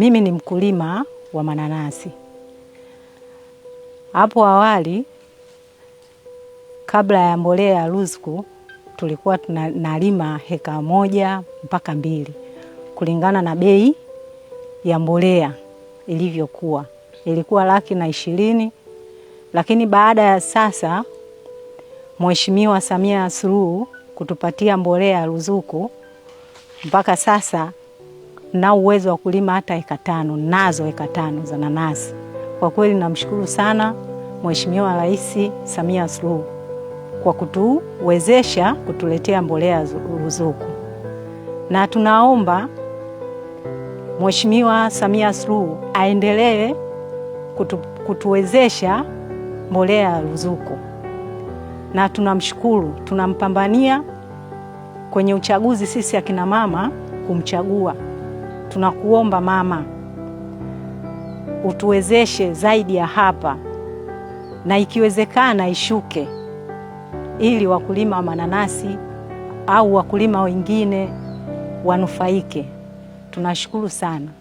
Mimi ni mkulima wa mananasi. Hapo awali kabla ya mbolea ya ruzuku tulikuwa tunalima heka moja mpaka mbili kulingana na bei ya mbolea ilivyokuwa, ilikuwa laki na ishirini, lakini baada ya sasa Mheshimiwa Samia Suluhu kutupatia mbolea ya ruzuku mpaka sasa na uwezo wa kulima hata eka tano nazo eka tano za nanasi. Kwa kweli namshukuru sana Mheshimiwa Rais Samia Suluhu kwa kutuwezesha kutuletea mbolea ruzuku, na tunaomba Mheshimiwa Samia Suluhu aendelee kutu, kutuwezesha mbolea ruzuku, na tunamshukuru, tunampambania kwenye uchaguzi sisi akina mama kumchagua Tunakuomba mama, utuwezeshe zaidi ya hapa, na ikiwezekana ishuke, ili wakulima wa mananasi au wakulima wengine wanufaike. Tunashukuru sana.